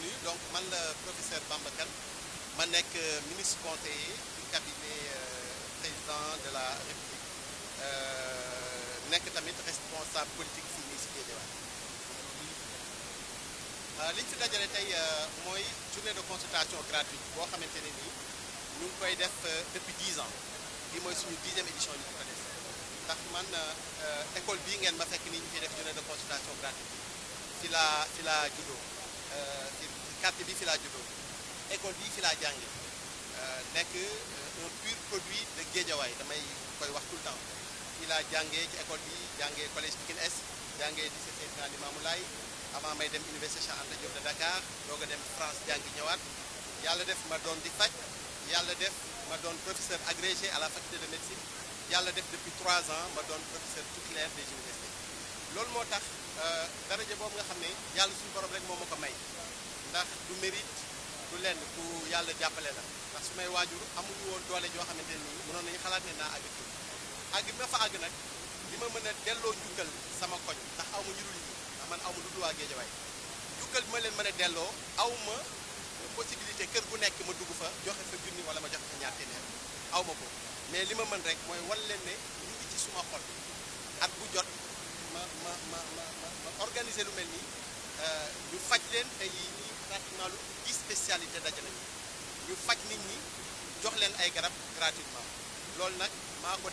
Je donc man le professeur Bamba Je suis euh, ministre conseiller du cabinet euh, président de la République euh, nekk tamit responsable politique du ministère de li L'étude fi une journée de consultation gratuite Nous l'avons fait Nous depuis 10 ans C'est la 10 dixième édition de l'étude def man école ma fekk journée de consultation gratuite C'est la ci quartier bi fi laa juddoo école bi ci laa jànge euh, nekk euh, un pur produit de Guédiawaye damay koy wax tout le temps fii laa jàngee ci école bi jàngee collège Pikine Est jàngee lycée Seydina Limamou Laye avant may dem université Cheikh Anta Diop de Dakar doog a dem France jàngi ñëwaat yàlla def ma doon di faj yàlla def ma doon professeur agrégé à la faculté de médecine yàlla def depuis trois ans ma doon professeur titulaire des universités loolu moo tax euh, daraja boobu nga xam ne yàlla suñu borom rek moo ma ko may ndax du mérite du lenn ku yàlla jàppale la ndax su may waajur amuñu woon doole joo xamante ni mënoon nañu xalaat ne naa àgg ci àgg bi fa àgg nag li ma mën a delloo jukkal sama koñ ndax aw ma ñu dul ñu ndax man aw ma lu dul waa Géejawaay jukkal ma leen mën a delloo aw ma possibilité kër gu nekk ma dugg fa joxe fa junni wala ma joxe fa ñaar téeméer aw ma ko mais li ma mën rek mooy wan leen ne ñu ngi ci suma xol.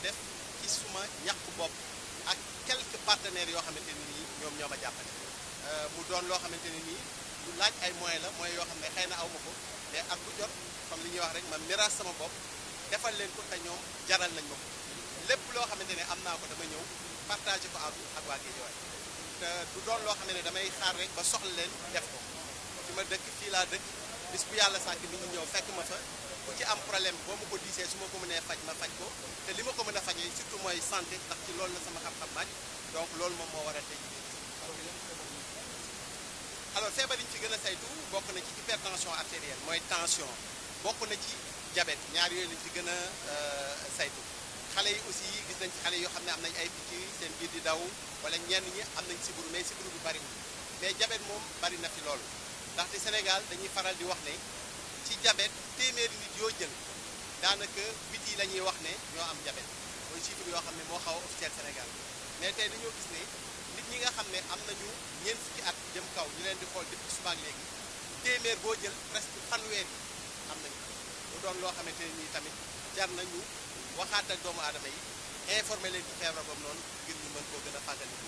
def ci suma ñàkk bopp ak quelques partenaires yoo xamante ne nii ñoom ñoo ma jàppale euh, mu doon loo xamante ne nii lu laaj ay moyens la mooy yoo xam ne xëy na aw ko mais ak bu jot comme li ñuy wax rek ma miraas sama bopp defal leen ko te ñoom jaral nañ ma ko lépp loo xamante ne am naa ko dama ñëw partagé ko àddu ak waa Géejawaay te du doon loo xam ne damay xaar rek ba soxla leen def ko fi ma dëkk fii laa dëkk bis bu yàlla sàkk nit ñi ñëw fekk ma sa ku ci am problème boo ma ko diisee su ma ko mënee faj ma ko wàllu santé ndax ci loolu la sama xam-xam màcc donc loolu moom moo war a tey alors feebar yi ñu fi gën a saytu bokk na ci hypertension artérielle mooy tension bokk na ci diabète ñaar yooyu lañ ci gën a euh, saytu xale yi aussi gis nañ ci xale yoo xam ne am nañ ay picc seen biir di daw wala ñenn ñi am nañ siburu mais siburu bu bari mais diabète moom bari na fi loolu ndaxte Sénégal dañuy faral di wax ne ci diabète téeméeri nit yoo jël daanaka biti la ñuy wax ne ñoo am diabète muy chiffre yoo xam ne moo xaw a officiel Sénégal mais tey dañoo gis ne nit ñi nga xam ne am nañu ñeent fukki at jëm kaw ñu leen di xool depuis suba léegi téeméer boo jël presque fanweer yi am nañu mu doon loo xamante ne nii tamit jar nañu waxaat ak doomu aadama yi informer leen ci feebar boobu noonu ngir ñu mën koo gën a fàttaliku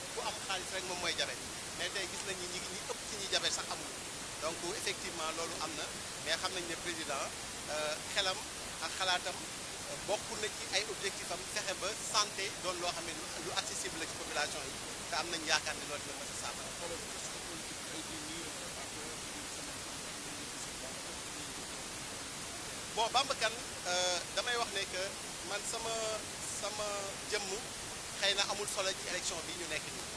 ku am xaalis rek moom mooy diabète mais tey gis nañ ni ñi ñi ëpp ci ñi diabète sax amuñu donc effectivement loolu am na mais xam nañ ne président euh, xelam ak xalaatam euh, bokk na ci ay objectif am ba santé doon loo xam ne lu accessible la ci population yi te am nañ yaakaar ne loolu dina mën a saafara bon Bamba Kane euh, damay wax ne que man sama sama jëmm amul solo ci élection bi ñu nekk nii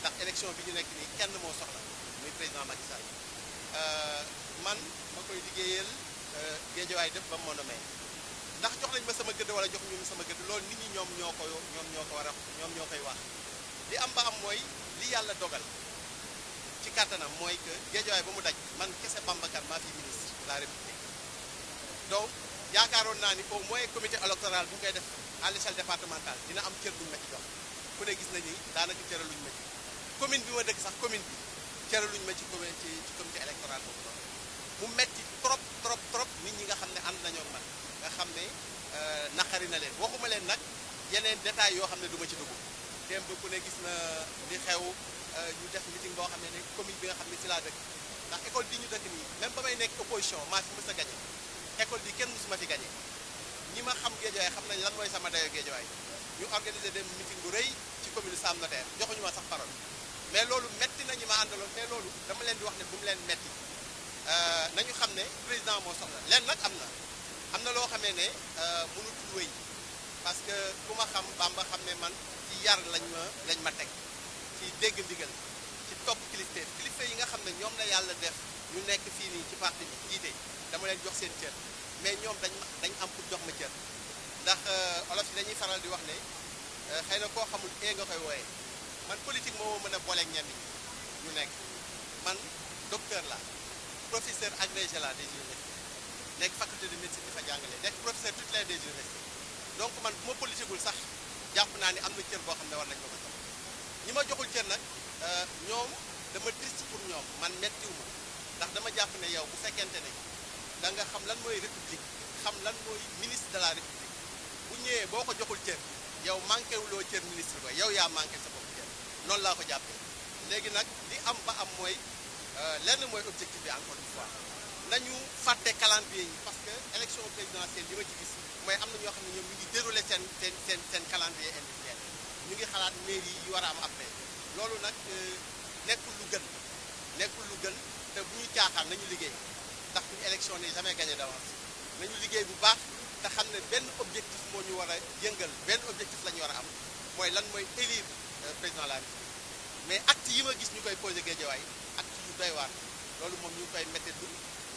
ndax élection bi ñu nekk nii kenn moo soxla muy président Macky Sall euh, man ma koy liggéeyal euh, géejawaay def ba mu mën ndax jox nañ ba sama gëdd wala jox ñu ma sama gëdd loolu nit ñi ñoom ñoo ko ñoom ñoo ko war a ñoom ñoo koy wax li am ba am mooy li yàlla dogal ci kàttanam mooy que géejawaay ba mu daj man kese Bambacar maa fi ministre de la république donc yaakaaroon naa ni au mooy comité électoral bu ñu koy def à l'échelle dina am cër bu ñu ma ci jox ku ne gis nañu daanaka cëra luñu ma ci commune bi ma dëkk sax commune bi cëra luñu ma ci commune ci ci comité électoral boobu noonu mu metti trop trop trop nit ñi nga xam ne ànd nañoo man nga xam ne euh, naqari na leen waxuma leen nag yeneen détails yoo xam ne du ma ci dugg démb ku ne gis na li xew euh, ñu def meeting boo xam ne ne commune bi nga xam ne si laa dëkk ndax école bi ñu dëkk nii même ba may nekk opposition maa fi mës a gañe école bi kenn mësuma fi géejawaay xam nañ lan mooy sama dayo géejawaay ñu organisé dem meeting bu rëy ci commune Sam Notaire joxuñu ma sax parole mais loolu metti nañu ma àndaloon mais loolu dama leen di wax ne bu mu leen metti euh, nañu xam ne président moo soxla leen nag am na am na loo xamee ne euh, mënut wéy parce que ku ma xam Bamba xam ne man ci yar lañ ma teg ci dégg ndigal ci topp kilifteef kilifteef yi nga xam ne ñoom la yàlla def ñu nekk fii nii ci parti bi jiite dama leen jox seen cër mais ñoom dañ dañ am pour jox ma cër ndax euh, olof yi dañuy faral di wax ne euh, xëy na koo xamul ee nga koy wooyee man politique moo mën a booleeg ñenn ñu nekk man docteur la professeur agrégé la des universités nekk faculté de médecine di fa jàngale nekk professeur tutelaire des universités donc man bu ma politiqueul sax jàpp naa ni am na cër boo xam ne war nañ ko ma jox ñi ma joxul cër nag euh, ñoom dama triste pour ñoom man mettiwu ndax dama jàpp ne yow bu fekkente ne da nga xam lan mooy république xam lan mooy ministre de la bu ñëwee boo ko joxul cër yow manqué ceeb cër ministre ba yow yaa manqué sa bopp cër noonu laa ko jàppee léegi nag li am ba am mooy euh, lenn mooy objectif bi encore une fois nañu fàtte calendrier yi parce que élection présidentielle li ma ci gis mooy am na ñoo xam ne ñoom ñu ngi déroulé seen seen seen seen calendrier mu ngi xalaat mairie yi war a am après loolu nag euh, nekkul lu gën nekkul lu gën te bu ñuy caaxaan nañu liggéey ndax buñu élection n'est jamais gagné d'avance nañu te xam ne benn objectif moo ñu war a yëngal benn objectif la ñu war a am mooy lan mooy élire euh, président de la mais acte yi ma gis ñu koy posé Guédiawaye acte ñu doy waan loolu moom ñu ngi koy méttee du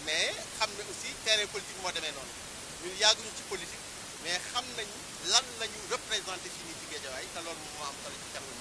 mais xam ne aussi terrain politique moo demee noonu ñun yàgguñu ci politique mais xam nañu lan la ñu représenté fii nii ci Guédiawaye te loolu moom moo am solo ci kanam